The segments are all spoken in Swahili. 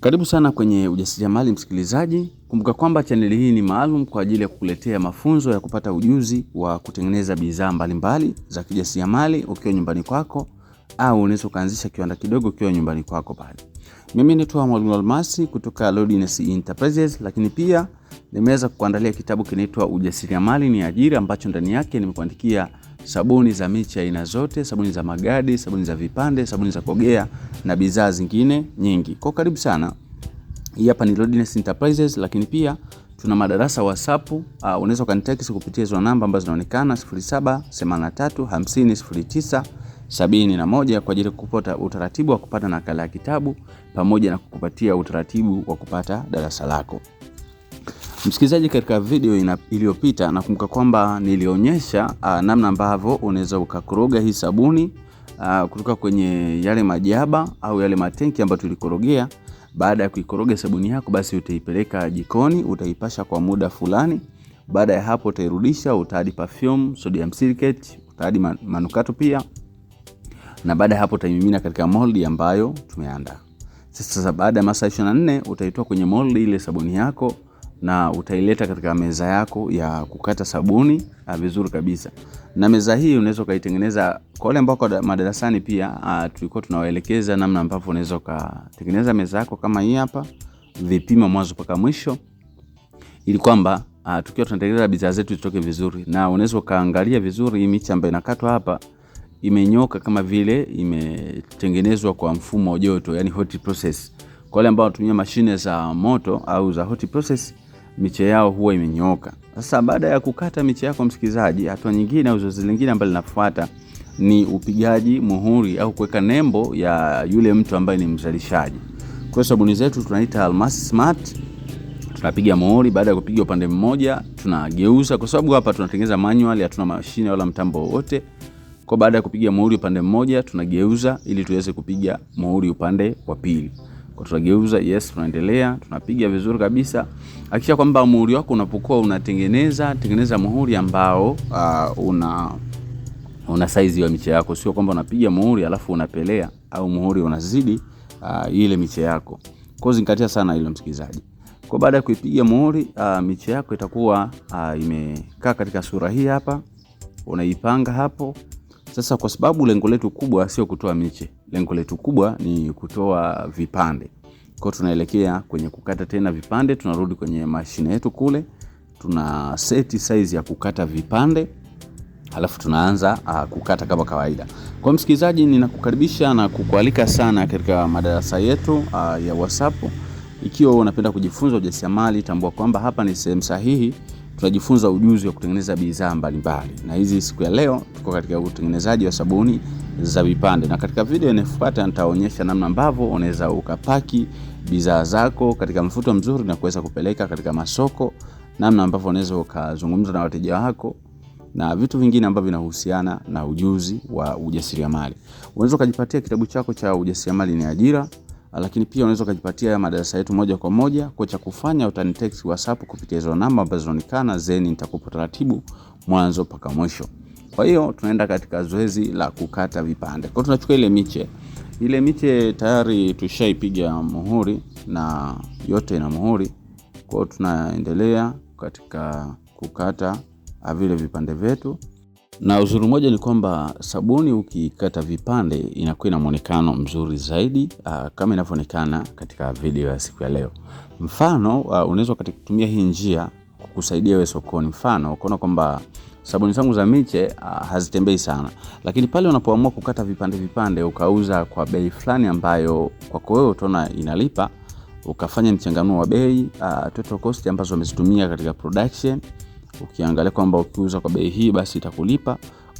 Karibu sana kwenye ujasiriamali msikilizaji. Kumbuka kwamba chaneli hii ni maalum kwa ajili ya kukuletea mafunzo ya kupata ujuzi wa kutengeneza bidhaa mbalimbali za kijasiriamali ukiwa nyumbani kwako au unaweza ukaanzisha kiwanda kidogo ukiwa nyumbani kwako pale. Mimi naitwa Mwalimu Almasi kutoka Lodness Enterprises, lakini pia nimeweza kukuandalia kitabu kinaitwa Ujasiriamali ni Ajira, ambacho ndani yake nimekuandikia sabuni za miche aina zote, sabuni za magadi, sabuni za vipande, sabuni za kogea na bidhaa zingine nyingi. Kwa karibu sana. Hii hapa ni Lodness Enterprises, lakini pia tuna madarasa WhatsApp. Uh, unaweza ukanitext kupitia hizo namba ambazo zinaonekana 0783500971 kwa ajili ya kupata utaratibu wa kupata nakala ya kitabu pamoja na kukupatia utaratibu wa kupata darasa lako. Msikilizaji, katika video iliyopita nakumbuka kwamba nilionyesha uh, namna ambavyo unaweza ukakoroga hii sabuni uh, kutoka kwenye yale majaba au yale matenki ambayo tulikorogea. Baada ya kuikoroga sabuni yako, basi utaipeleka jikoni, utaipasha kwa muda fulani. Baada ya hapo, utairudisha, utaadi perfume, sodium silicate, utaadi manukato pia, na baada ya hapo utaimimina katika moldi ambayo tumeandaa. Sasa baada ya masaa 24 utaitoa kwenye moldi ile sabuni yako na utaileta katika meza yako ya kukata sabuni ah, vizuri kabisa. Na meza hii unaweza ukaitengeneza kwa wale ambao madarasani pia, uh, tulikuwa tunawaelekeza namna ambavyo unaweza ukatengeneza meza yako kama hii hapa, vipimo mwanzo mpaka mwisho, ili kwamba ah, tukiwa tunatengeneza bidhaa zetu zitoke vizuri, na unaweza ukaangalia vizuri hii miche ambayo inakatwa hapa imenyoka kama vile imetengenezwa kwa mfumo wa joto, yani hot process. Kwa wale ambao wanatumia mashine za moto au za hot process miche yao huwa imenyooka. Sasa baada ya kukata miche yako, msikilizaji, hatua nyingine au zoezi lingine ambalo linafuata ni upigaji muhuri au kuweka nembo ya yule mtu ambaye ni mzalishaji. Kwa sabuni zetu tunaita Almasi Smart, tunapiga muhuri. Baada ya kupiga upande mmoja, tunageuza kwa sababu hapa tunatengeneza manual, hatuna mashine wala mtambo wowote. Kwa baada ya kupiga muhuri upande mmoja, tunageuza ili tuweze kupiga muhuri upande wa pili. Kwa tunageuza, yes, tunaendelea, tunapiga vizuri kabisa. Hakikisha kwamba muhuri wako unapokuwa unatengeneza, tengeneza muhuri ambao uh, una una saizi ya miche yako, sio kwamba unapiga muhuri alafu unapelea au muhuri unazidi uh, ile miche yako. Kwa zingatia sana hilo msikizaji. Kwa baada ya kuipiga muhuri uh, miche yako itakuwa uh, imekaa katika sura hii hapa, unaipanga hapo sasa kwa sababu lengo letu kubwa sio kutoa miche, lengo letu kubwa ni kutoa vipande. Kwa tunaelekea kwenye kukata tena vipande, tunarudi kwenye mashine yetu kule, tuna seti size ya kukata vipande, halafu tunaanza uh, kukata kama kawaida. Kwa msikilizaji, ninakukaribisha na kukualika sana katika madarasa yetu uh, ya WhatsApp. Ikiwa unapenda kujifunza ujasiriamali, tambua kwamba hapa ni sehemu sahihi tunajifunza ujuzi wa kutengeneza bidhaa mbalimbali, na hizi siku ya leo tuko katika utengenezaji wa sabuni za vipande, na katika video inayofuata nitaonyesha namna ambavyo unaweza ukapaki bidhaa zako katika mfuto mzuri na kuweza kupeleka katika masoko, namna ambavyo unaweza ukazungumza na wateja wako na vitu vingine ambavyo vinahusiana na ujuzi wa ujasiriamali. Unaweza ukajipatia kitabu chako cha ujasiriamali ni ajira lakini pia unaweza ukajipatia madarasa yetu moja kwa moja. Kwa cha kufanya utanitext WhatsApp kupitia hizo namba ambazo zinaonekana, then nitakupa taratibu mwanzo mpaka mwisho. Kwa hiyo tunaenda katika zoezi la kukata vipande. Kwa tunachukua ile miche, ile miche tayari tushaipiga muhuri na yote ina muhuri. Kwa hiyo tunaendelea katika kukata vile vipande vyetu na uzuri mmoja ni kwamba sabuni ukikata vipande inakuwa ina mwonekano mzuri zaidi, uh, kama inavyoonekana katika video ya siku ya leo. Mfano uh, unaweza kutumia hii njia kukusaidia wewe sokoni. Mfano ukaona kwamba sabuni zangu za miche uh, hazitembei sana, lakini pale unapoamua kukata vipande vipande ukauza kwa bei fulani ambayo kwako wewe utaona inalipa, ukafanya mchanganuo wa bei uh, total cost ambazo wamezitumia katika production Ukiangalia kwamba ukiuza kwa bei hii basi itakulipa,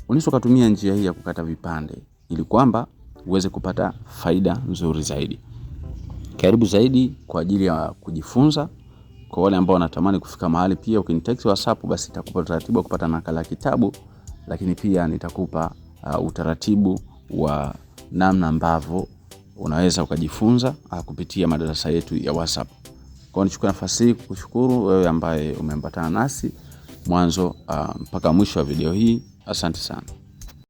unaweza ukatumia njia hii ya kukata vipande ili kwamba uweze kupata faida nzuri zaidi. Karibu zaidi kwa ajili ya kujifunza. Kwa wale ambao wanatamani kufika mahali, pia ukinitext WhatsApp, basi nitakupa utaratibu wa kupata nakala ya kitabu, lakini pia nitakupa uh, utaratibu wa namna ambavyo unaweza ukajifunza uh, kupitia madarasa yetu ya WhatsApp. Kwa hiyo nichukue nafasi hii kukushukuru wewe ambaye umeambatana nasi mwanzo uh, mpaka mwisho wa video hii. Asante sana.